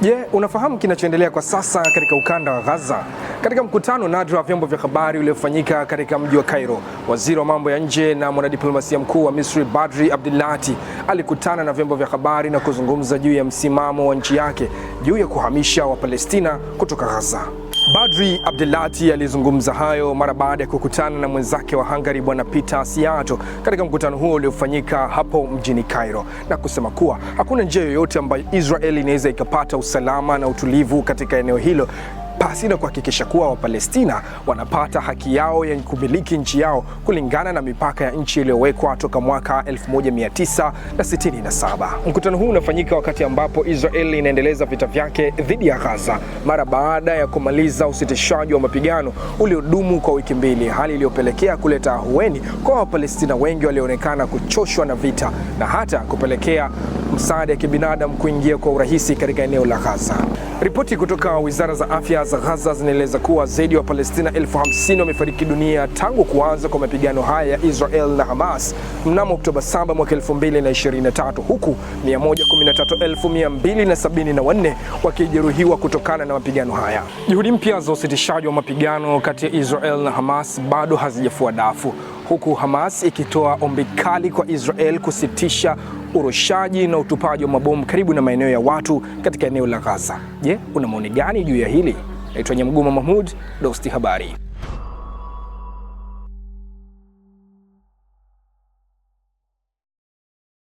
Je, yeah, unafahamu kinachoendelea kwa sasa katika ukanda wa Gaza? Katika mkutano nadra wa vyombo vya habari uliofanyika katika mji wa Cairo, waziri wa mambo ya nje na mwanadiplomasia mkuu wa Misri Badri Abdilati alikutana na vyombo vya habari na kuzungumza juu ya msimamo wa nchi yake juu ya kuhamisha Wapalestina kutoka Gaza. Badri Abdelati alizungumza hayo mara baada ya kukutana na mwenzake wa Hungary Bwana Peter Siato katika mkutano huo uliofanyika hapo mjini Cairo, na kusema kuwa hakuna njia yoyote ambayo Israeli inaweza ikapata usalama na utulivu katika eneo hilo pasi na kuhakikisha kuwa Wapalestina wanapata haki yao ya kumiliki nchi yao kulingana na mipaka ya nchi iliyowekwa toka mwaka 1967. Mkutano huu unafanyika wakati ambapo Israel inaendeleza vita vyake dhidi ya Gaza mara baada ya kumaliza usitishaji wa mapigano uliodumu kwa wiki mbili, hali iliyopelekea kuleta ahueni kwa Wapalestina wengi walioonekana kuchoshwa na vita na hata kupelekea msaada ya kibinadamu kuingia kwa urahisi katika eneo la Gaza. Ripoti kutoka Wizara za Afya za Gaza zinaeleza kuwa zaidi ya Wapalestina elfu hamsini wamefariki dunia tangu kuanza kwa mapigano haya ya Israel na Hamas mnamo Oktoba 7 mwaka 2023 huku 113274 wakijeruhiwa kutokana na mapigano haya. Juhudi mpya za usitishaji wa mapigano kati ya Israel na Hamas bado hazijafua dafu huku Hamas ikitoa ombi kali kwa Israel kusitisha urushaji na utupaji wa mabomu karibu na maeneo ya watu katika eneo la Gaza. Je, una maoni gani juu ya hili? Naitwa Nyamgumo Mahmud, Dosti Habari.